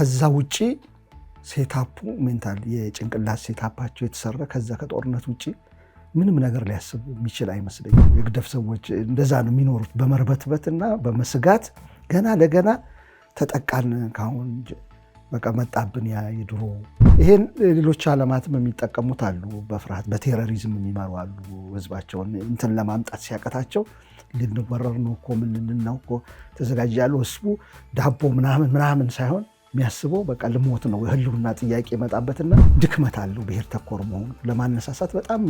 ከዛ ውጭ ሴታፑ ሜንታል የጭንቅላት ሴታፓቸው የተሰራ ከዛ ከጦርነት ውጭ ምንም ነገር ሊያስብ የሚችል አይመስለኝም። የግደፍ ሰዎች እንደዛ ነው የሚኖሩት፣ በመርበትበት እና በመስጋት ገና ለገና ተጠቃን ካሁን በቃ መጣብን ያ የድሮ ይሄን ሌሎች አለማትም የሚጠቀሙት አሉ። በፍርሃት በቴሮሪዝም የሚመሩ አሉ። ህዝባቸውን እንትን ለማምጣት ሲያቀታቸው ልንወረር ነው እኮ ምን ልንናው እኮ ተዘጋጅ ያሉ ህዝቡ ዳቦ ምናምን ምናምን ሳይሆን የሚያስበው በቃ ልሞት ነው የህልውና ጥያቄ ይመጣበትና ድክመት አለው። ብሔር ተኮር መሆኑ ለማነሳሳት በጣም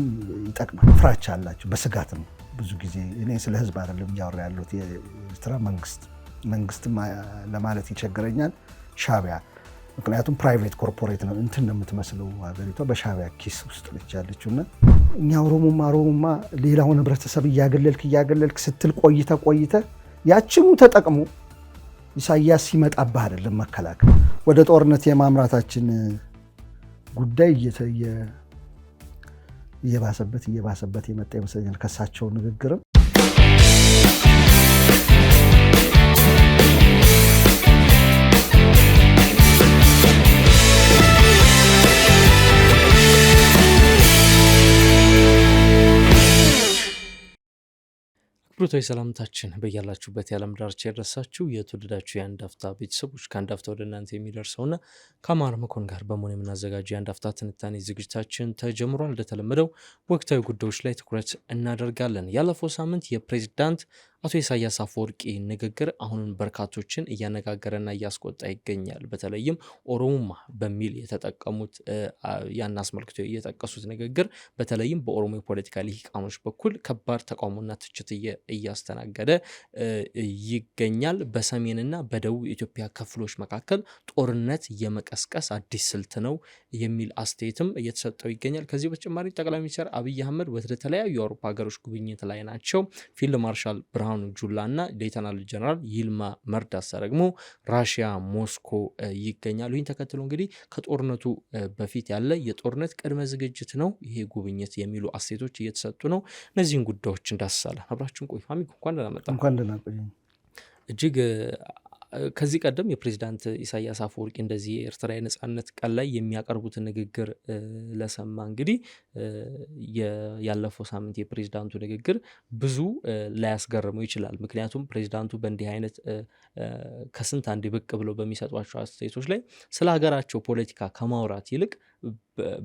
ይጠቅማል። ፍራቻ አላቸው፣ በስጋት ነው ብዙ ጊዜ። እኔ ስለ ህዝብ አይደለም እያወራ ያሉት የኤርትራ መንግስት መንግስት ለማለት ይቸግረኛል፣ ሻቢያ ምክንያቱም ፕራይቬት ኮርፖሬት ነው እንትን ነው የምትመስለው ሀገሪቷ በሻቢያ ኪስ ውስጥ ነች ያለችው። እና እኛ ኦሮሞማ ኦሮሞማ ሌላውን ህብረተሰብ እያገለልክ እያገለልክ ስትል ቆይተ ቆይተ ያችኑ ተጠቅሞ ኢሳያስ ሲመጣብህ አይደለም መከላከል ወደ ጦርነት የማምራታችን ጉዳይ እየባሰበት እየባሰበት የመጣ ይመስለኛል ከሳቸው ንግግርም ብሩታዊ ሰላምታችን በያላችሁበት የዓለም ዳርቻ የደረሳችሁ የተወደዳችሁ የአንድ አፍታ ቤተሰቦች ከአንድ አፍታ ወደ እናንተ የሚደርሰውና ከአማር መኮን ጋር በመሆን የምናዘጋጀው የአንድ አፍታ ትንታኔ ዝግጅታችን ተጀምሯል። እንደተለመደው ወቅታዊ ጉዳዮች ላይ ትኩረት እናደርጋለን። ያለፈው ሳምንት የፕሬዚዳንት አቶ ኢሳያስ አፈወርቂ ንግግር አሁንም በርካቶችን እያነጋገረና እያስቆጣ ይገኛል። በተለይም ኦሮሞማ በሚል የተጠቀሙት ያን አስመልክቶ የጠቀሱት ንግግር በተለይም በኦሮሞ የፖለቲካ ሊቃኖች በኩል ከባድ ተቃውሞና ትችት እያስተናገደ ይገኛል። በሰሜንና በደቡብ ኢትዮጵያ ክፍሎች መካከል ጦርነት የመቀስቀስ አዲስ ስልት ነው የሚል አስተያየትም እየተሰጠው ይገኛል። ከዚህ በተጨማሪ ጠቅላይ ሚኒስትር አብይ አህመድ ወደ ተለያዩ የአውሮፓ ሀገሮች ጉብኝት ላይ ናቸው። ፊልድ ማርሻል ብርሃኑ ብርሃኑ ጁላ እና ሌተናል ጀነራል ይልማ መርዳሳ ደግሞ ራሽያ ሞስኮ ይገኛሉ። ይህን ተከትሎ እንግዲህ ከጦርነቱ በፊት ያለ የጦርነት ቅድመ ዝግጅት ነው ይሄ ጉብኝት የሚሉ አስተያየቶች እየተሰጡ ነው። እነዚህን ጉዳዮች እንዳስሳለን። አብራችን ቆይ። አሚኮ እንኳን ደህና መጣ። እንኳን ደህና ቆይ። እጅግ ከዚህ ቀደም የፕሬዚዳንት ኢሳያስ አፈወርቂ እንደዚህ የኤርትራ የነጻነት ቀን ላይ የሚያቀርቡትን ንግግር ለሰማ እንግዲህ ያለፈው ሳምንት የፕሬዚዳንቱ ንግግር ብዙ ላያስገርመው ይችላል። ምክንያቱም ፕሬዚዳንቱ በእንዲህ አይነት ከስንት አንድ ብቅ ብለው በሚሰጧቸው አስተያየቶች ላይ ስለ ሀገራቸው ፖለቲካ ከማውራት ይልቅ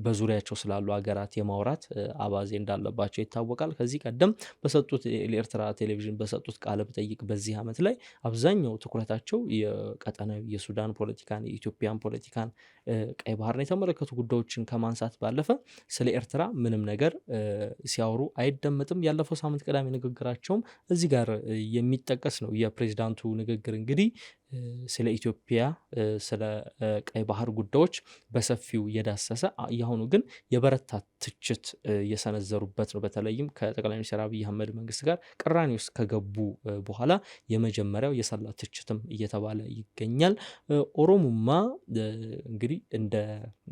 በዙሪያቸው ስላሉ ሀገራት የማውራት አባዜ እንዳለባቸው ይታወቃል። ከዚህ ቀደም በሰጡት ለኤርትራ ቴሌቪዥን በሰጡት ቃለ መጠይቅ በዚህ ዓመት ላይ አብዛኛው ትኩረታቸው የቀጠናዊ የሱዳን ፖለቲካን፣ የኢትዮጵያን ፖለቲካን፣ ቀይ ባህርን የተመለከቱ ጉዳዮችን ከማንሳት ባለፈ ስለ ኤርትራ ምንም ነገር ሲያወሩ አይደመጥም። ያለፈው ሳምንት ቅዳሜ ንግግራቸውም እዚህ ጋር የሚጠቀስ ነው። የፕሬዚዳንቱ ንግግር እንግዲህ ስለ ኢትዮጵያ ስለ ቀይ ባህር ጉዳዮች በሰፊው የዳሰሰ የአሁኑ ግን የበረታ ትችት የሰነዘሩበት ነው። በተለይም ከጠቅላይ ሚኒስትር አብይ አህመድ መንግስት ጋር ቅራኔ ውስጥ ከገቡ በኋላ የመጀመሪያው የሰላ ትችትም እየተባለ ይገኛል። ኦሮሙማ እንግዲህ እንደ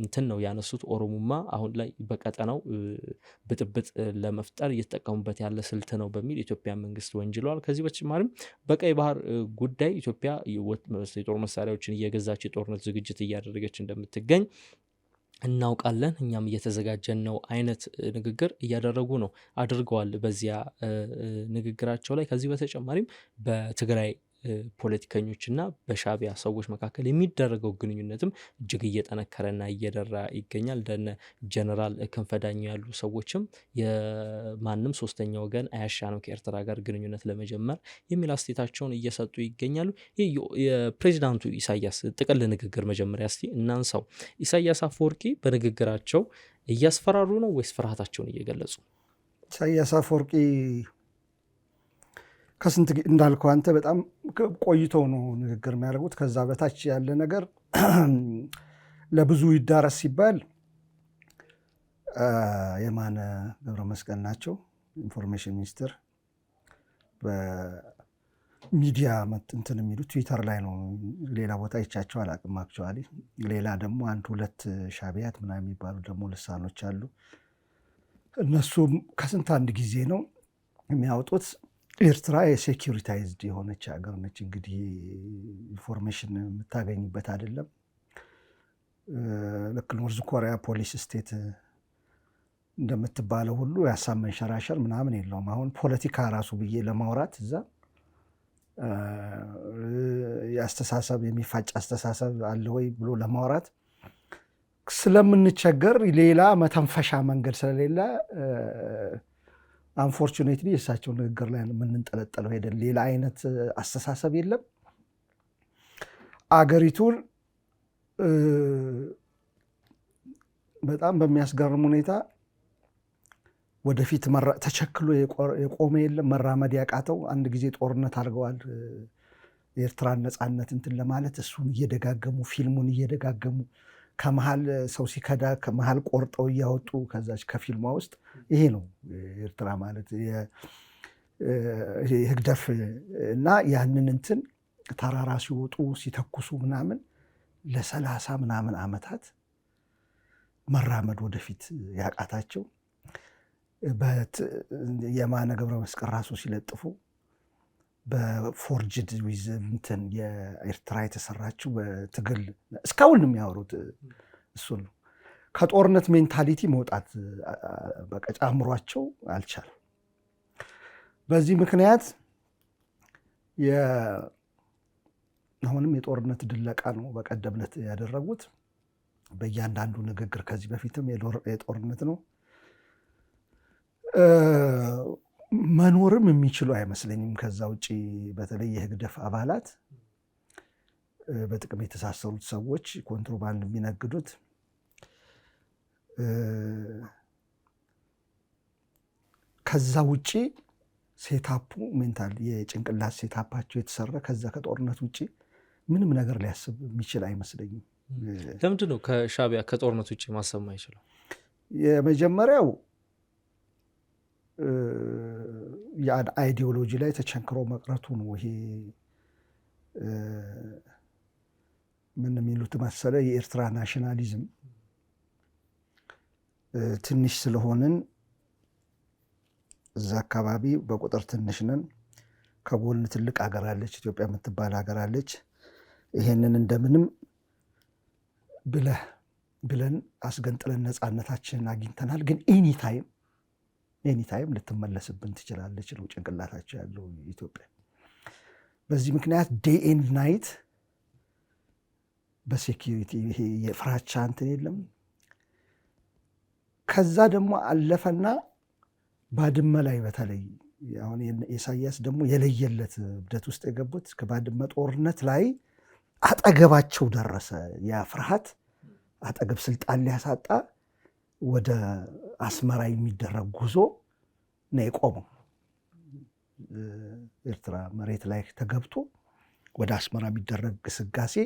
እንትን ነው ያነሱት። ኦሮሙማ አሁን ላይ በቀጠናው ብጥብጥ ለመፍጠር እየተጠቀሙበት ያለ ስልት ነው በሚል ኢትዮጵያ መንግስት ወንጅለዋል። ከዚህ በተጨማሪም በቀይ ባህር ጉዳይ ኢትዮጵያ የጦር መሳሪያዎችን እየገዛች የጦርነት ዝግጅት እያደረገች እንደምትገኝ እናውቃለን እኛም እየተዘጋጀን ነው አይነት ንግግር እያደረጉ ነው አድርገዋል በዚያ ንግግራቸው ላይ። ከዚህ በተጨማሪም በትግራይ ፖለቲከኞችና በሻቢያ ሰዎች መካከል የሚደረገው ግንኙነትም እጅግ እየጠነከረና እየደራ ይገኛል። እንደነ ጀነራል ክንፈ ያሉ ሰዎችም የማንም ሶስተኛ ወገን አያሻንም ከኤርትራ ጋር ግንኙነት ለመጀመር የሚል አስቴታቸውን እየሰጡ ይገኛሉ። ይህ የፕሬዚዳንቱ ኢሳያስ ጥቅል ንግግር መጀመሪያ እስቲ እናንሳው። ኢሳያስ አፈወርቂ በንግግራቸው እያስፈራሩ ነው ወይስ ፍርሃታቸውን እየገለጹ? ኢሳያስ አፈወርቂ ከስንት እንዳልከው አንተ በጣም ቆይተው ነው ንግግር የሚያደርጉት። ከዛ በታች ያለ ነገር ለብዙ ይዳረስ ሲባል የማነ ገብረ መስቀል ናቸው ኢንፎርሜሽን ሚኒስትር በሚዲያ እንትን የሚሉ ትዊተር ላይ ነው። ሌላ ቦታ ይቻቸው አላቅም። አክቹዋሊ ሌላ ደግሞ አንድ ሁለት ሻቢያት ምናምን የሚባሉ ደግሞ ልሳኖች አሉ። እነሱም ከስንት አንድ ጊዜ ነው የሚያወጡት ኤርትራ የሴኪሪታይዝድ የሆነች ሀገር ነች። እንግዲህ ኢንፎርሜሽን የምታገኝበት አይደለም። ልክ ኖርዝ ኮሪያ ፖሊስ ስቴት እንደምትባለው ሁሉ የሀሳብ መንሸራሸር ምናምን የለውም። አሁን ፖለቲካ ራሱ ብዬ ለማውራት እዛ የአስተሳሰብ የሚፋጭ አስተሳሰብ አለ ወይ ብሎ ለማውራት ስለምንቸገር ሌላ መተንፈሻ መንገድ ስለሌለ አንፎርቹኔትሊ የእሳቸው ንግግር ላይ የምንንጠለጠለው ሄደን ሌላ አይነት አስተሳሰብ የለም። አገሪቱን በጣም በሚያስገርም ሁኔታ ወደፊት ተቸክሎ የቆመ የለም። መራመድ ያቃተው አንድ ጊዜ ጦርነት አድርገዋል የኤርትራን ነፃነት እንትን ለማለት እሱን እየደጋገሙ ፊልሙን እየደጋገሙ ከመሀል ሰው ሲከዳ ከመሀል ቆርጠው እያወጡ ከዛች ከፊልሟ ውስጥ ይሄ ነው ኤርትራ ማለት ህግደፍ እና ያንን እንትን ተራራ ሲወጡ ሲተኩሱ ምናምን ለሰላሳ ምናምን ዓመታት መራመድ ወደፊት ያቃታቸው የማነ ገብረ መስቀል ራሱ ሲለጥፉ በፎርጅድ ዊዝ እንትን የኤርትራ የተሰራችው በትግል እስካሁን ነው የሚያወሩት። እሱ ነው ከጦርነት ሜንታሊቲ መውጣት በቃ ጨምሯቸው አልቻለም። በዚህ ምክንያት አሁንም የጦርነት ድለቃ ነው በቀደምነት ያደረጉት። በእያንዳንዱ ንግግር ከዚህ በፊትም የጦርነት ነው መኖርም የሚችሉ አይመስለኝም። ከዛ ውጭ በተለይ የህግደፍ አባላት በጥቅም የተሳሰሩት ሰዎች ኮንትሮባንድ የሚነግዱት ከዛ ውጭ ሴታፑ ሜንታል የጭንቅላት ሴታፓቸው የተሰራ ከዛ ከጦርነት ውጭ ምንም ነገር ሊያስብ የሚችል አይመስለኝም። ለምንድን ነው ከሻቢያ ከጦርነት ውጭ ማሰብ ማይችለው? የመጀመሪያው አይዲዮሎጂ ላይ ተቸንክሮ መቅረቱ ነው። ይሄ ምን የሚሉት መሰለ የኤርትራ ናሽናሊዝም ትንሽ ስለሆንን እዛ አካባቢ በቁጥር ትንሽ ነን። ከጎን ትልቅ ሀገር አለች፣ ኢትዮጵያ የምትባል ሀገር አለች። ይሄንን እንደምንም ብለህ ብለን አስገንጥለን ነፃነታችንን አግኝተናል። ግን ኤኒ ታይም ኤኒታይም ልትመለስብን ትችላለች ነው ጭንቅላታቸው ያለው ኢትዮጵያ። በዚህ ምክንያት ዴይ ኤንድ ናይት በሴኪሪቲ የፍራቻ እንትን የለም። ከዛ ደግሞ አለፈና ባድመ ላይ በተለይ አሁን ኢሳያስ ደግሞ የለየለት እብደት ውስጥ የገቡት ከባድመ ጦርነት ላይ አጠገባቸው ደረሰ። ያ ፍርሃት አጠገብ ስልጣን ሊያሳጣ ወደ አስመራ የሚደረግ ጉዞ ነው የቆመው። ኤርትራ መሬት ላይ ተገብቶ ወደ አስመራ የሚደረግ ግስጋሴ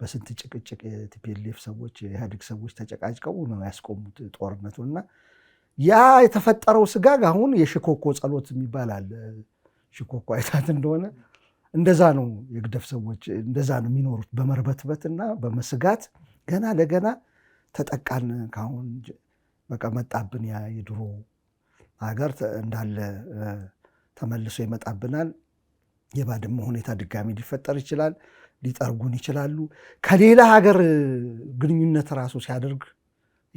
በስንት ጭቅጭቅ የቲፒኤልኤፍ ሰዎች የኢህአዴግ ሰዎች ተጨቃጭቀው ነው ያስቆሙት ጦርነቱን እና ያ የተፈጠረው ስጋግ አሁን የሽኮኮ ጸሎት የሚባል አለ። ሽኮኮ አይታት እንደሆነ እንደዛ ነው። የግደፍ ሰዎች እንደዛ ነው የሚኖሩት በመርበትበት እና በመስጋት ገና ለገና ተጠቃን ከአሁን በቃ መጣብን። ያ የድሮ ሀገር እንዳለ ተመልሶ ይመጣብናል። የባድመ ሁኔታ ድጋሚ ሊፈጠር ይችላል። ሊጠርጉን ይችላሉ። ከሌላ ሀገር ግንኙነት ራሱ ሲያደርግ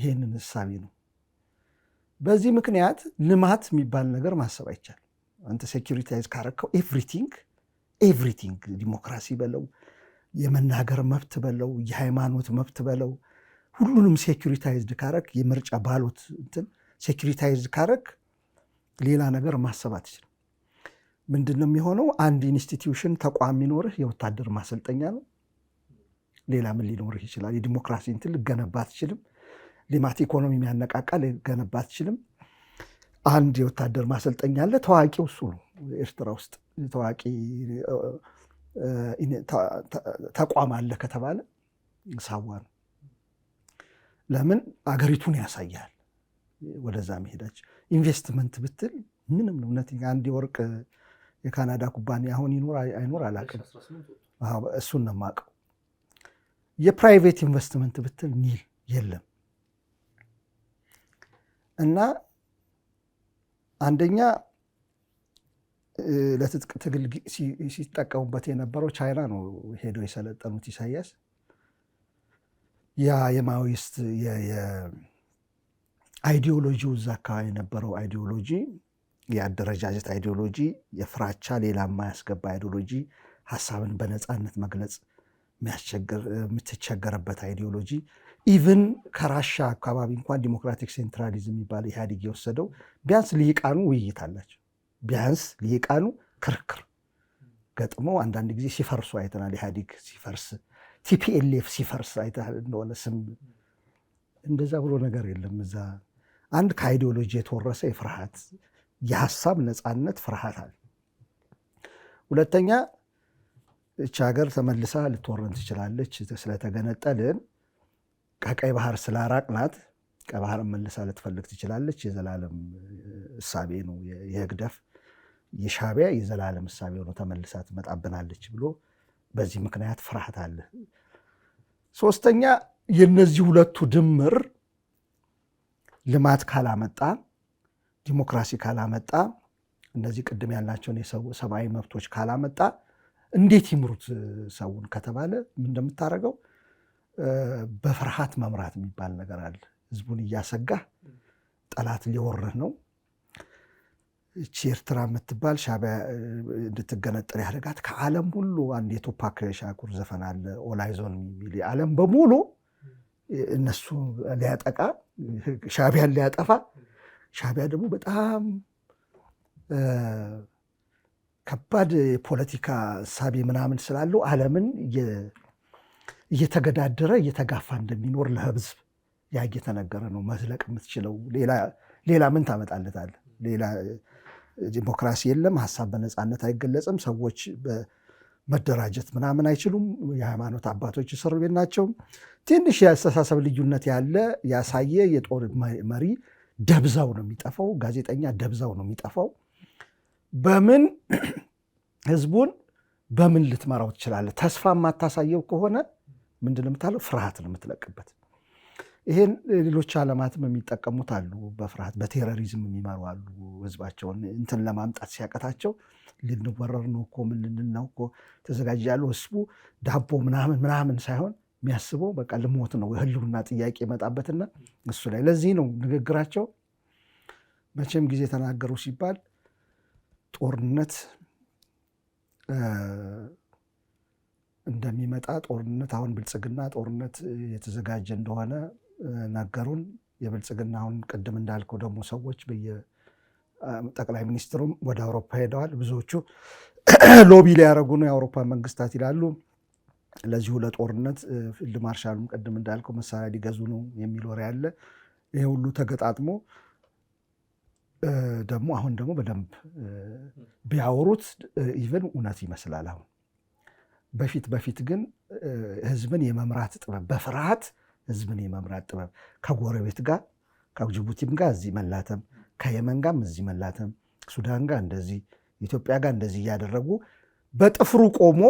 ይህንን እሳቤ ነው። በዚህ ምክንያት ልማት የሚባል ነገር ማሰብ አይቻልም። አንተ ሴኪሪታይዝ ካረከው ኤቭሪቲንግ ኤቭሪቲንግ ዲሞክራሲ በለው የመናገር መብት በለው የሃይማኖት መብት በለው ሁሉንም ሴኩሪታይዝድ ካረክ የምርጫ ባሎት እንትን ሴኩሪታይዝድ ካረክ ሌላ ነገር ማሰብ አትችልም። ምንድን ነው የሚሆነው? አንድ ኢንስቲትዩሽን ተቋም የሚኖርህ የወታደር ማሰልጠኛ ነው። ሌላ ምን ሊኖርህ ይችላል? የዲሞክራሲ እንትን ልገነባ አትችልም። ልማት ኢኮኖሚ የሚያነቃቃ ልገነባ አትችልም። አንድ የወታደር ማሰልጠኛ አለ። ታዋቂው እሱ ነው። ኤርትራ ውስጥ ታዋቂ ተቋም አለ ከተባለ ሳዋ ነው። ለምን አገሪቱን ያሳያል። ወደዛ መሄዳች ኢንቨስትመንት ብትል ምንም ነው። ነቲንግ አንድ የወርቅ የካናዳ ኩባንያ አሁን ይኖር አይኖር አላውቅም። እሱን ነው የማውቀው። የፕራይቬት ኢንቨስትመንት ብትል ኒል የለም። እና አንደኛ ለትጥቅ ትግል ሲጠቀሙበት የነበረው ቻይና ነው ሄደው የሰለጠኑት ኢሳያስ ያ የማዊስት አይዲዮሎጂው እዛ አካባቢ የነበረው አይዲዮሎጂ የአደረጃጀት አይዲዮሎጂ የፍራቻ ሌላ የማያስገባ አይዲዮሎጂ ሀሳብን በነፃነት መግለጽ የምትቸገርበት አይዲዮሎጂ ኢቭን ከራሻ አካባቢ እንኳን ዲሞክራቲክ ሴንትራሊዝም የሚባል ኢህአዴግ የወሰደው ቢያንስ ልሂቃኑ ውይይት አላቸው። ቢያንስ ልሂቃኑ ክርክር ገጥሞ አንዳንድ ጊዜ ሲፈርሱ አይተናል። ኢህአዴግ ሲፈርስ ቲፒኤልኤፍ ሲፈርስ አይተህ እንደሆነ ስም እንደዛ ብሎ ነገር የለም። እዛ አንድ ከአይዲዮሎጂ የተወረሰ የፍርሃት የሀሳብ ነፃነት ፍርሃት አለ። ሁለተኛ እች ሀገር ተመልሳ ልትወረን ትችላለች ስለተገነጠልን ከቀይ ባህር ስላራቅናት ቀይ ባህር መልሳ ልትፈልግ ትችላለች። የዘላለም እሳቤ ነው። የህግደፍ የሻቢያ የዘላለም እሳቤ ሆኖ ተመልሳ ትመጣብናለች ብሎ በዚህ ምክንያት ፍርሃት አለ። ሶስተኛ የነዚህ ሁለቱ ድምር ልማት ካላመጣ፣ ዲሞክራሲ ካላመጣ፣ እነዚህ ቅድም ያላቸውን የሰብአዊ መብቶች ካላመጣ እንዴት ይምሩት ሰውን ከተባለ እንደምታደርገው በፍርሃት መምራት የሚባል ነገር አለ። ህዝቡን እያሰጋህ ጠላት ሊወርህ ነው እቺ ኤርትራ የምትባል ሻቢያ እንድትገነጠር ያደረጋት ከዓለም ሁሉ አንድ የቱፓክ ሻኩር ዘፈን አለ ኦላይዞን የሚል ዓለም በሙሉ እነሱ ሊያጠቃ ሻቢያን ሊያጠፋ ሻቢያ ደግሞ በጣም ከባድ የፖለቲካ ሳቢ ምናምን ስላለው ዓለምን እየተገዳደረ እየተጋፋ እንደሚኖር ለህዝብ ያ እየተነገረ ነው። መዝለቅ የምትችለው ሌላ ምን ታመጣለታለህ? ሌላ ዲሞክራሲ የለም፣ ሀሳብ በነፃነት አይገለጽም፣ ሰዎች መደራጀት ምናምን አይችሉም፣ የሃይማኖት አባቶች እስር ቤት ናቸው። ትንሽ የአስተሳሰብ ልዩነት ያለ ያሳየ የጦር መሪ ደብዛው ነው የሚጠፋው፣ ጋዜጠኛ ደብዛው ነው የሚጠፋው። በምን ህዝቡን በምን ልትመራው ትችላለህ? ተስፋ የማታሳየው ከሆነ ምንድን ነው የምታለው? ፍርሃት ነው የምትለቅበት። ይሄን ሌሎች ዓለማትም የሚጠቀሙት አሉ። በፍርሃት በቴሮሪዝም የሚመሩ አሉ። ህዝባቸውን እንትን ለማምጣት ሲያቀታቸው ልንወረር ነው እኮ ምን ልንል ነው እኮ ተዘጋጅ ያሉ ህዝቡ ዳቦ ምናምን ምናምን ሳይሆን የሚያስበው በቃ ልሞት ነው የህልውና ጥያቄ ይመጣበትና እሱ ላይ ለዚህ ነው ንግግራቸው መቼም ጊዜ ተናገሩ ሲባል ጦርነት እንደሚመጣ ጦርነት አሁን ብልጽግና ጦርነት የተዘጋጀ እንደሆነ ነገሩን። የብልጽግናውን ቅድም እንዳልከው ደግሞ ሰዎች ጠቅላይ ሚኒስትሩም ወደ አውሮፓ ሄደዋል። ብዙዎቹ ሎቢ ሊያደረጉ ነው የአውሮፓ መንግስታት ይላሉ። ለዚሁ ለጦርነት ፊልድ ማርሻሉም ቅድም እንዳልከው መሳሪያ ሊገዙ ነው የሚል ወሬ አለ። ይሄ ሁሉ ተገጣጥሞ ደግሞ አሁን ደግሞ በደንብ ቢያወሩት ኢቨን እውነት ይመስላል። አሁን በፊት በፊት ግን ህዝብን የመምራት ጥበብ በፍርሃት ህዝብን የመምራት ጥበብ ከጎረቤት ጋር ከጅቡቲም ጋር እዚህ መላተም፣ ከየመን ጋርም እዚህ መላተም፣ ሱዳን ጋር እንደዚህ፣ ኢትዮጵያ ጋር እንደዚህ እያደረጉ በጥፍሩ ቆሞ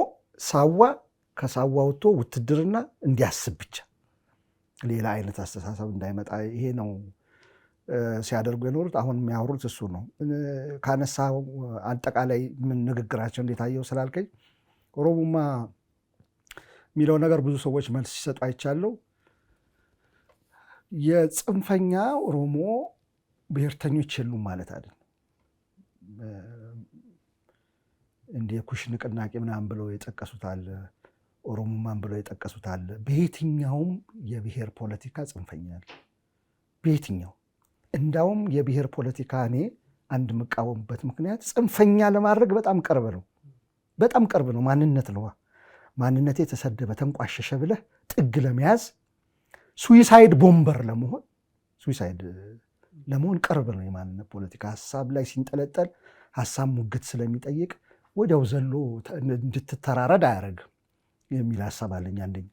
ሳዋ ከሳዋ ወጥቶ ውትድርና እንዲያስብ ብቻ ሌላ አይነት አስተሳሰብ እንዳይመጣ ይሄ ነው ሲያደርጉ የኖሩት። አሁን የሚያወሩት እሱ ነው። ካነሳ አጠቃላይ ምን ንግግራቸው እንዴታየው ስላልከኝ ኦሮሞማ የሚለው ነገር ብዙ ሰዎች መልስ ሲሰጡ አይቻለው። የጽንፈኛ ኦሮሞ ብሔርተኞች የሉም ማለት አይደል። እንደ ኩሽ ንቅናቄ ምናምን ብለው የጠቀሱታል፣ አለ፣ ኦሮሞማን ብለው የጠቀሱታል በየትኛውም የብሔር ፖለቲካ ጽንፈኛ ያለ በየትኛው እንዳውም የብሔር ፖለቲካ እኔ አንድ የምቃወምበት ምክንያት ጽንፈኛ ለማድረግ በጣም ቅርብ ነው፣ በጣም ቅርብ ነው። ማንነት ለዋ ማንነቴ ተሰደበ ተንቋሸሸ ብለህ ጥግ ለመያዝ ሱዊሳይድ ቦምበር ለመሆን ሱዊሳይድ ለመሆን ቅርብ ነው። የማንነት ፖለቲካ ሀሳብ ላይ ሲንጠለጠል ሀሳብ ሙግት ስለሚጠይቅ ወዲያው ዘሎ እንድትተራረድ አያደርግም የሚል ሀሳብ አለኝ። አንደኛ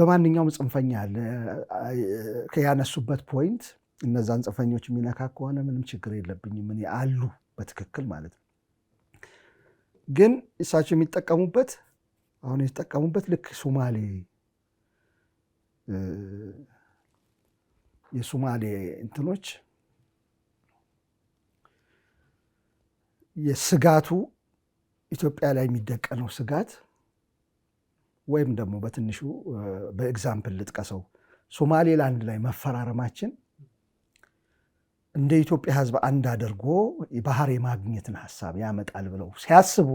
በማንኛውም ጽንፈኛ ያለ ያነሱበት ፖይንት እነዛን ጽንፈኞች የሚነካ ከሆነ ምንም ችግር የለብኝም እኔ አሉ በትክክል ማለት ነው። ግን እሳቸው የሚጠቀሙበት አሁን የተጠቀሙበት ልክ ሶማሌ የሱማሌ እንትኖች የስጋቱ ኢትዮጵያ ላይ የሚደቀነው ስጋት ወይም ደግሞ በትንሹ በኤግዛምፕል ልጥቀሰው ሶማሌላንድ ላይ መፈራረማችን እንደ ኢትዮጵያ ሕዝብ አንድ አድርጎ ባህር የማግኘትን ሀሳብ ያመጣል ብለው ሲያስቡ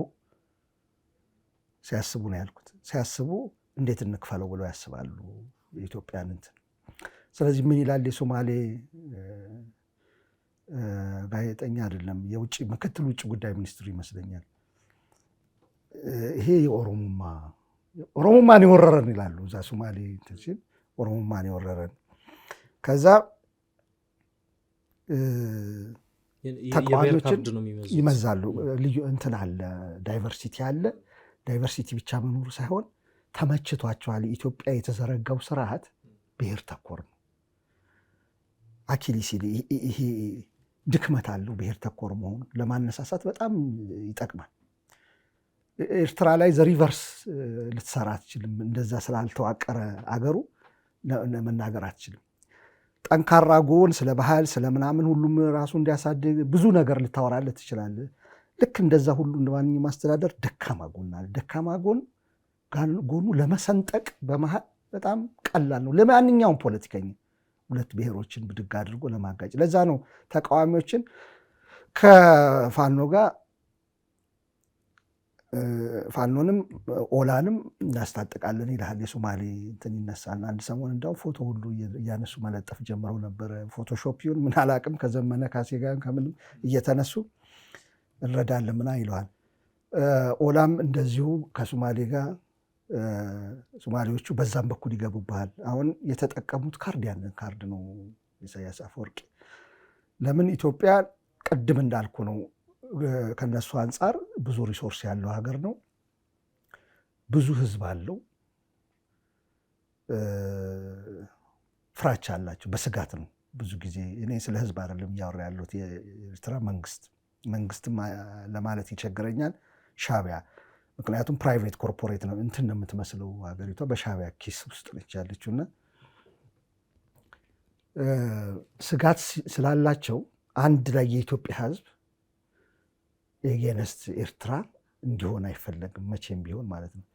ሲያስቡ ነው ያልኩት። ሲያስቡ እንዴት እንክፈለው ብለው ያስባሉ። የኢትዮጵያን እንትን። ስለዚህ ምን ይላል የሶማሌ ጋዜጠኛ አይደለም የውጭ ምክትል ውጭ ጉዳይ ሚኒስትር ይመስለኛል። ይሄ የኦሮሞማ ኦሮሞማን የወረረን ይላሉ እዛ ሶማሌ እንትን ሲል ኦሮሞማን የወረረን ከዛ ተቃዋሚዎችን ይመዛሉ። ልዩ እንትን አለ ዳይቨርሲቲ አለ። ዳይቨርሲቲ ብቻ መኖሩ ሳይሆን ተመችቷቸዋል። ኢትዮጵያ የተዘረጋው ስርዓት ብሔር ተኮር ነው። አኪሊስ ይሄ ድክመት አለው። ብሔር ተኮር መሆኑ ለማነሳሳት በጣም ይጠቅማል። ኤርትራ ላይ ዘሪቨርስ ልትሰራ አትችልም። እንደዛ ስላልተዋቀረ አገሩ መናገር አትችልም። ጠንካራ ጎን ስለ ባህል ስለ ምናምን ሁሉም ራሱ እንዲያሳድግ ብዙ ነገር ልታወራለት ትችላለህ። ልክ እንደዛ ሁሉ እንደ አስተዳደር ደካማ ጎን አለ። ደካማ ጎን ጎኑ ለመሰንጠቅ በመሀል በጣም ቀላል ነው ለማንኛውም ፖለቲከኛ ሁለት ብሔሮችን ብድግ አድርጎ ለማጋጭ። ለዛ ነው ተቃዋሚዎችን ከፋኖ ጋር ፋኖንም ኦላንም እናስታጥቃለን ይልሃል። የሶማሌ እንትን ይነሳል። አንድ ሰሞን እንዲያውም ፎቶ ሁሉ እያነሱ መለጠፍ ጀምረው ነበረ። ፎቶሾፕ ይሁን ምን አላቅም፣ ከዘመነ ካሴ ጋር ከምንም እየተነሱ እንረዳለን ምና ይለዋል። ኦላም እንደዚሁ ከሶማሌ ጋር ሶማሌዎቹ በዛም በኩል ይገቡብሃል። አሁን የተጠቀሙት ካርድ ያንን ካርድ ነው ኢሳያስ አፈወርቂ። ለምን ኢትዮጵያ ቅድም እንዳልኩ ነው፣ ከነሱ አንጻር ብዙ ሪሶርስ ያለው ሀገር ነው፣ ብዙ ህዝብ አለው። ፍራቻ አላቸው፣ በስጋት ነው ብዙ ጊዜ። እኔ ስለ ህዝብ አይደለም እያወራ ያለሁት የኤርትራ መንግስት መንግስትም ለማለት ይቸግረኛል ሻቢያ ። ምክንያቱም ፕራይቬት ኮርፖሬት ነው እንትን ነው የምትመስለው ሀገሪቷ በሻቢያ ኪስ ውስጥ ነች ያለችው እና ስጋት ስላላቸው አንድ ላይ የኢትዮጵያ ህዝብ ኤጌነስት ኤርትራ እንዲሆን አይፈለግም መቼም ቢሆን ማለት ነው።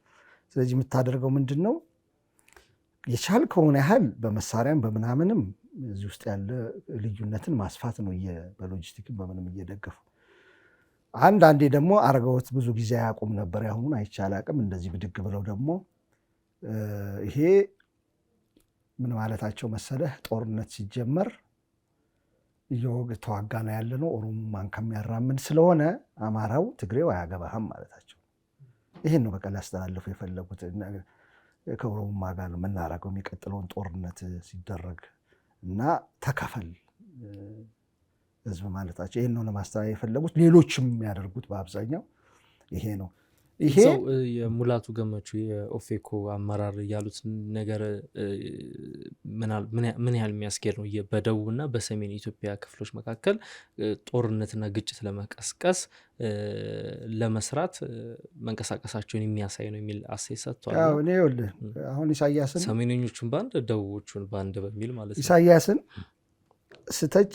ስለዚህ የምታደርገው ምንድን ነው? የቻል ከሆነ ያህል በመሳሪያም በምናምንም እዚህ ውስጥ ያለ ልዩነትን ማስፋት ነው፣ በሎጂስቲክም በምንም እየደገፉ አንዳንዴ ደግሞ አርገውት ብዙ ጊዜ አያውቁም ነበር። ያሁኑን አይቻል አቅም እንደዚህ ብድግ ብለው ደግሞ ይሄ ምን ማለታቸው መሰለህ? ጦርነት ሲጀመር እየወግ ተዋጋ ነው ያለ ነው ማን ከሚያራምድ ስለሆነ አማራው ትግሬው አያገባህም ማለታቸው ይህን ነው በቃ ሊያስተላልፉ የፈለጉት። ከኦሮሞማ ጋር ነው የሚቀጥለውን ጦርነት ሲደረግ እና ተከፈል ህዝብ ማለታቸው ይሄን ነው ለማስተላለፍ የፈለጉት። ሌሎችም የሚያደርጉት በአብዛኛው ይሄ ነው። ይሄ የሙላቱ ገመቹ የኦፌኮ አመራር ያሉት ነገር ምን ያህል የሚያስኬድ ነው? በደቡብ እና በሰሜን ኢትዮጵያ ክፍሎች መካከል ጦርነትና ግጭት ለመቀስቀስ ለመስራት መንቀሳቀሳቸውን የሚያሳይ ነው የሚል አስተያየት ሰጥቷል። እኔ ይኸውልህ አሁን ኢሳያስን ሰሜነኞቹን በአንድ ደቡቦቹን በአንድ በሚል ማለት ነው ኢሳያስን ስተች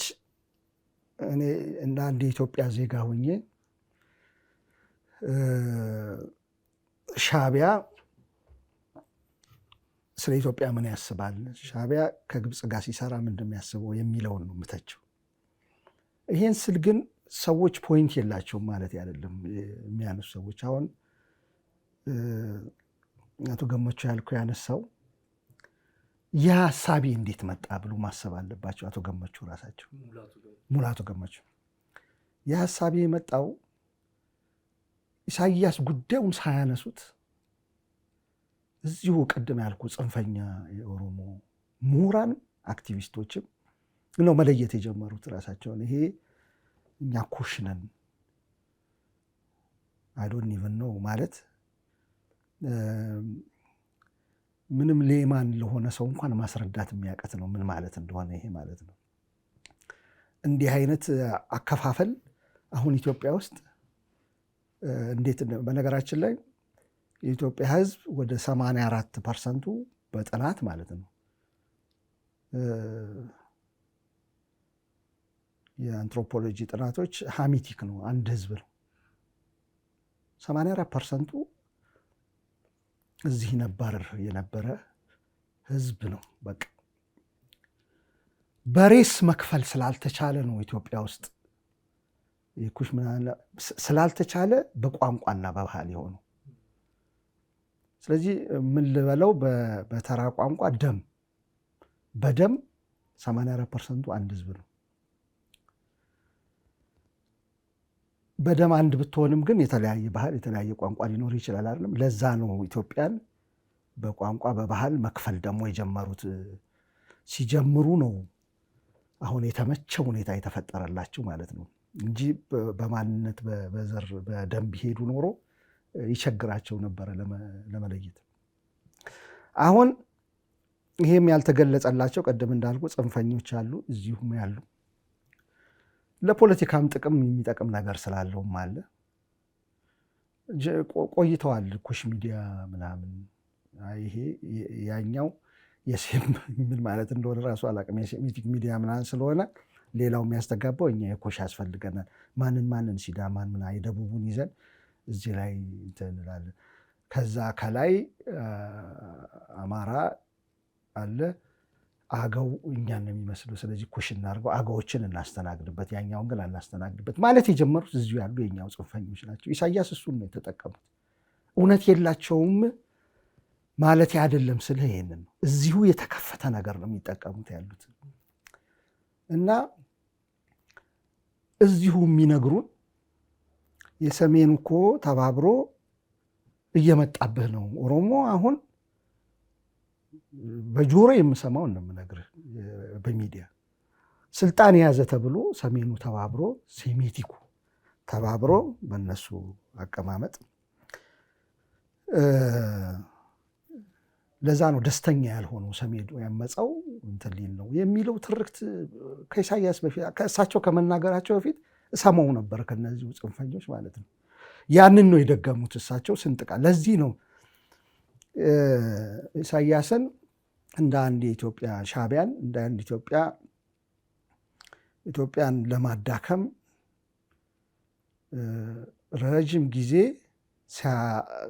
እኔ እንደ አንድ የኢትዮጵያ ዜጋ ሁኜ ሻቢያ ስለ ኢትዮጵያ ምን ያስባል፣ ሻቢያ ከግብፅ ጋር ሲሰራ ምን እንደሚያስበው የሚለውን ነው የምተቸው። ይሄን ስል ግን ሰዎች ፖይንት የላቸውም ማለት አይደለም። የሚያነሱ ሰዎች አሁን አቶ ገመቹ ያልኩ ያነሳው ያ ሳቢ እንዴት መጣ ብሎ ማሰብ አለባቸው። አቶ ገመቹ ራሳቸው ሙላቱ ገመቹ ሳቢ የመጣው ኢሳያስ ጉዳዩን ሳያነሱት እዚሁ ቅድም ያልኩ ጽንፈኛ የኦሮሞ ምሁራን አክቲቪስቶችም ነው መለየት የጀመሩት ራሳቸውን። ይሄ እኛ ኮሽነን አይዶን ኢቨን ነው ማለት ምንም ሌማን ለሆነ ሰው እንኳን ማስረዳት የሚያቀት ነው ምን ማለት እንደሆነ ይሄ ማለት ነው። እንዲህ አይነት አከፋፈል አሁን ኢትዮጵያ ውስጥ እንዴት በነገራችን ላይ የኢትዮጵያ ሕዝብ ወደ 84 ፐርሰንቱ በጥናት ማለት ነው የአንትሮፖሎጂ ጥናቶች ሃሚቲክ ነው፣ አንድ ሕዝብ ነው። 84 ፐርሰንቱ እዚህ ነባር የነበረ ህዝብ ነው። በቃ በሬስ መክፈል ስላልተቻለ ነው ኢትዮጵያ ውስጥ የኩሽ ስላልተቻለ በቋንቋና በባህል የሆኑ ስለዚህ ምን ልበለው፣ በተራ ቋንቋ ደም በደም 84 ፐርሰንቱ አንድ ህዝብ ነው። በደም አንድ ብትሆንም ግን የተለያየ ባህል የተለያየ ቋንቋ ሊኖር ይችላል አይደለም። ለዛ ነው ኢትዮጵያን በቋንቋ በባህል መክፈል ደግሞ የጀመሩት። ሲጀምሩ ነው አሁን የተመቸ ሁኔታ የተፈጠረላቸው ማለት ነው እንጂ በማንነት በዘር በደም ቢሄዱ ኖሮ ይቸግራቸው ነበረ ለመለየት። አሁን ይሄም ያልተገለጸላቸው ቀደም እንዳልኩ ጽንፈኞች አሉ፣ እዚሁም ያሉ ለፖለቲካም ጥቅም የሚጠቅም ነገር ስላለውም አለ። ቆይተዋል ኩሽ ሚዲያ ምናምን ይሄ ያኛው የሴም ምን ማለት እንደሆነ ራሱ አላቅም። የሴሚቲክ ሚዲያ ምናምን ስለሆነ ሌላው የሚያስተጋባው እኛ የኮሽ ያስፈልገናል። ማንን ማንን ሲዳማን ምና የደቡቡን ይዘን እዚህ ላይ እንትን ከዛ ከላይ አማራ አለ አገው እኛን ነው የሚመስሉ። ስለዚህ ኩሽ እናድርገው፣ አገዎችን እናስተናግድበት፣ ያኛውን ግን አናስተናግድበት ማለት የጀመሩት እዚሁ ያሉ የኛው ጽንፈኞች ናቸው። ኢሳያስ እሱን ነው የተጠቀሙት። እውነት የላቸውም ማለት አይደለም ስለ ይሄንን ነው። እዚሁ የተከፈተ ነገር ነው የሚጠቀሙት ያሉት እና እዚሁ የሚነግሩን የሰሜን እኮ ተባብሮ እየመጣብህ ነው ኦሮሞ አሁን በጆሮ የምሰማው እንደምነግርህ በሚዲያ ስልጣን የያዘ ተብሎ ሰሜኑ ተባብሮ ሴሜቲኩ ተባብሮ በነሱ አቀማመጥ ለዛ ነው ደስተኛ ያልሆነው ሰሜኑ ያመፀው እንትን ሊል ነው የሚለው ትርክት ከኢሳያስ በፊት ከእሳቸው ከመናገራቸው በፊት እሰማው ነበር ከነዚሁ ጽንፈኞች ማለት ነው። ያንን ነው የደገሙት እሳቸው ስንጥቃ ለዚህ ነው ኢሳያስን እንደ አንድ የኢትዮጵያ ሻቢያን እንደ አንድ ኢትዮጵያ ኢትዮጵያን ለማዳከም ረዥም ጊዜ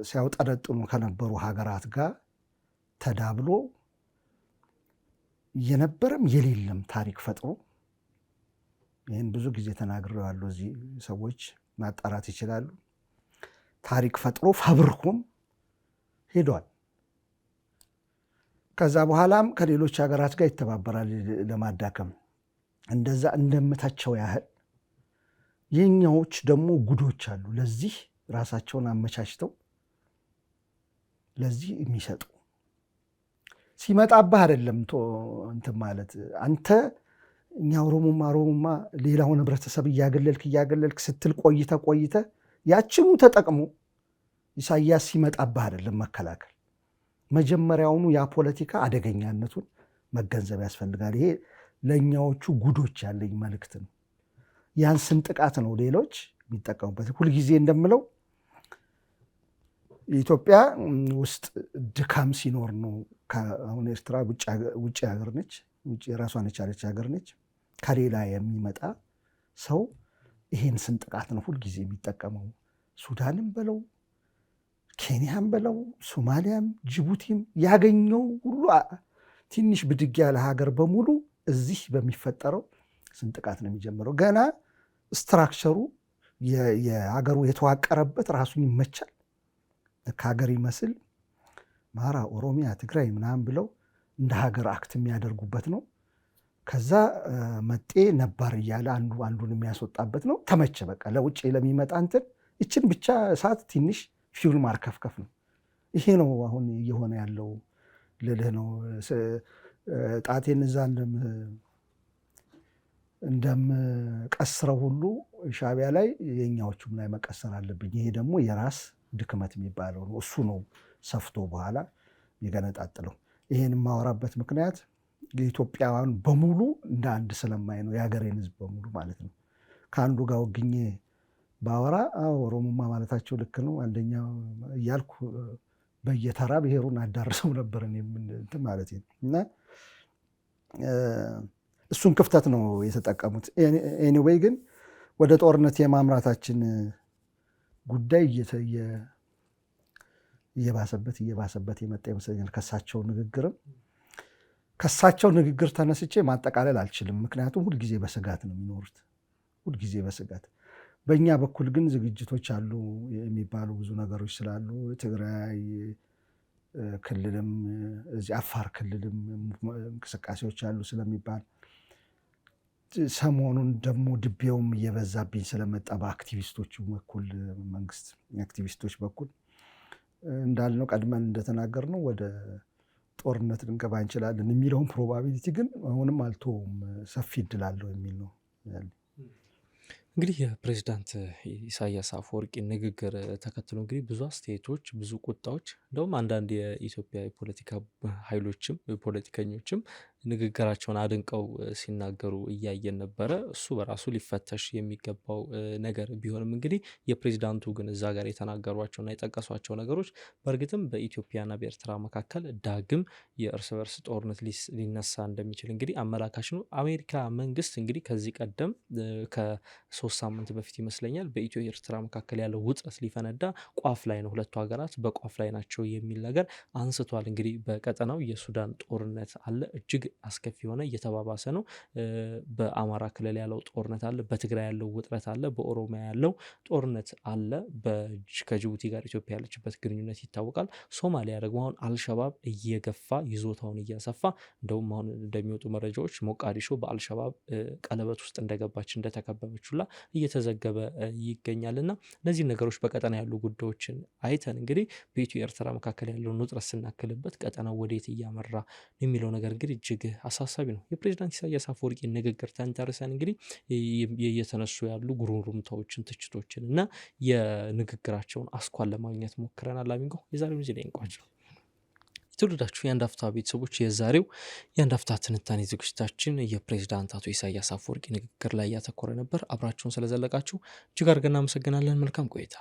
ሲያውጠረጥኑ ከነበሩ ሀገራት ጋር ተዳብሎ የነበረም የሌለም ታሪክ ፈጥሮ ይህን ብዙ ጊዜ ያሉ እዚህ ሰዎች ማጣራት ይችላሉ። ታሪክ ፈጥሮ ፈብርኮም ሄዷል። ከዛ በኋላም ከሌሎች ሀገራት ጋር ይተባበራል ለማዳከም እንደዛ እንደምታቸው ያህል የኛዎች ደግሞ ጉዶች አሉ። ለዚህ ራሳቸውን አመቻችተው ለዚህ የሚሰጡ ሲመጣብህ አይደለም እንትን ማለት አንተ እኛ ኦሮሞማ ኦሮሞማ ሌላውን ህብረተሰብ እያገለልክ እያገለልክ ስትል ቆይተ ቆይተ ያችኑ ተጠቅሞ ኢሳያስ ሲመጣብህ አይደለም መከላከል መጀመሪያውኑ ያ ፖለቲካ አደገኛነቱን መገንዘብ ያስፈልጋል። ይሄ ለእኛዎቹ ጉዶች ያለኝ መልእክት ነው። ያን ስንጥቃት ነው ሌሎች የሚጠቀሙበት። ሁልጊዜ እንደምለው ኢትዮጵያ ውስጥ ድካም ሲኖር ነው። አሁን ኤርትራ ውጭ ሀገር ነች፣ ውጭ ራሷን የቻለች ሀገር ነች። ከሌላ የሚመጣ ሰው ይሄን ስንጥቃት ነው ሁልጊዜ የሚጠቀመው ሱዳንም በለው ኬንያም በለው ሶማሊያም ጅቡቲም ያገኘው ሁሉ ትንሽ ብድግ ያለ ሀገር በሙሉ እዚህ በሚፈጠረው ስንጥቃት ነው የሚጀምረው። ገና ስትራክቸሩ የሀገሩ የተዋቀረበት ራሱን ይመቻል። ከሀገር ይመስል ማራ፣ ኦሮሚያ፣ ትግራይ ምናምን ብለው እንደ ሀገር አክት የሚያደርጉበት ነው። ከዛ መጤ ነባር እያለ አንዱ አንዱን የሚያስወጣበት ነው። ተመቸ በቃ ለውጭ ለሚመጣ እንትን ይችን ብቻ እሳት ትንሽ ፊውል ማርከፍከፍ ነው። ይሄ ነው አሁን እየሆነ ያለው ልልህ ነው። ጣቴን እዛ እንደምቀስረው ሁሉ ሻቢያ ላይ የእኛዎቹም ላይ መቀሰር አለብኝ። ይሄ ደግሞ የራስ ድክመት የሚባለው ነው። እሱ ነው ሰፍቶ በኋላ የገነጣጥለው። ይሄን የማወራበት ምክንያት የኢትዮጵያውያን በሙሉ እንደ አንድ ስለማይ ነው። የሀገሬን ህዝብ በሙሉ ማለት ነው ከአንዱ ጋር ወግኜ በአወራ ኦሮሞማ ማለታቸው ልክ ነው አንደኛ እያልኩ በየተራ ብሔሩን አዳርሰው ነበር እንትን ማለት ነው። እና እሱን ክፍተት ነው የተጠቀሙት። ኤኒዌይ ግን ወደ ጦርነት የማምራታችን ጉዳይ እየባሰበት እየባሰበት የመጣ ይመስለኛል። ከሳቸው ንግግርም ከሳቸው ንግግር ተነስቼ ማጠቃለል አልችልም። ምክንያቱም ሁልጊዜ በስጋት ነው የሚኖሩት፣ ሁልጊዜ በስጋት በእኛ በኩል ግን ዝግጅቶች አሉ የሚባሉ ብዙ ነገሮች ስላሉ ትግራይ ክልልም እዚህ አፋር ክልልም እንቅስቃሴዎች አሉ ስለሚባል ሰሞኑን ደግሞ ድቤውም እየበዛብኝ ስለመጣ በአክቲቪስቶቹ በኩል መንግስት አክቲቪስቶች በኩል እንዳልነው ቀድመን እንደተናገርነው ወደ ጦርነት ልንገባ እንችላለን የሚለውን ፕሮባቢሊቲ ግን አሁንም አልቶም ሰፊ እድል አለው የሚል ነው። እንግዲህ የፕሬዚዳንት ኢሳያስ አፈወርቂ ንግግር ተከትሎ እንግዲህ ብዙ አስተያየቶች፣ ብዙ ቁጣዎች እንደውም አንዳንድ የኢትዮጵያ የፖለቲካ ኃይሎችም ፖለቲከኞችም ንግግራቸውን አድንቀው ሲናገሩ እያየን ነበረ። እሱ በራሱ ሊፈተሽ የሚገባው ነገር ቢሆንም እንግዲህ የፕሬዚዳንቱ ግን እዛ ጋር የተናገሯቸውና የጠቀሷቸው ነገሮች በእርግጥም በኢትዮጵያና በኤርትራ መካከል ዳግም የእርስ በርስ ጦርነት ሊነሳ እንደሚችል እንግዲህ አመላካች ነው። አሜሪካ መንግስት እንግዲህ ከዚህ ቀደም ከሶስት ሳምንት በፊት ይመስለኛል በኢትዮ ኤርትራ መካከል ያለው ውጥረት ሊፈነዳ ቋፍ ላይ ነው፣ ሁለቱ ሀገራት በቋፍ ላይ ናቸው የሚል ነገር አንስቷል። እንግዲህ በቀጠናው የሱዳን ጦርነት አለ እጅግ አስከፊ የሆነ እየተባባሰ ነው። በአማራ ክልል ያለው ጦርነት አለ፣ በትግራይ ያለው ውጥረት አለ፣ በኦሮሚያ ያለው ጦርነት አለ። ከጅቡቲ ጋር ኢትዮጵያ ያለችበት ግንኙነት ይታወቃል። ሶማሊያ ደግሞ አሁን አልሸባብ እየገፋ ይዞታውን እያሰፋ እንደውም አሁን እንደሚወጡ መረጃዎች ሞቃዲሾ በአልሸባብ ቀለበት ውስጥ እንደገባች እንደተከበበች ሁላ እየተዘገበ ይገኛልና እነዚህ ነገሮች በቀጠና ያሉ ጉዳዮችን አይተን እንግዲህ በኢትዮ ኤርትራ መካከል ያለውን ውጥረት ስናክልበት ቀጠናው ወዴት እያመራ የሚለው ነገር እንግዲህ እጅግ እጅግ አሳሳቢ ነው። የፕሬዚዳንት ኢሳያስ አፈወርቂ ንግግር ተንተርሰን እንግዲህ እየተነሱ ያሉ ጉሩሩምታዎችን፣ ትችቶችን እና የንግግራቸውን አስኳል ለማግኘት ሞክረናል። አሚንጎ የዛሬውን እዚህ ላይ እንቋጭ። የተወደዳችሁ የአንድ አፍታ ቤተሰቦች የዛሬው የአንድ አፍታ ትንታኔ ዝግጅታችን የፕሬዚዳንት አቶ ኢሳያስ አፈወርቂ ንግግር ላይ እያተኮረ ነበር። አብራችሁን ስለዘለቃችሁ እጅግ አድርገን እናመሰግናለን። መልካም ቆይታ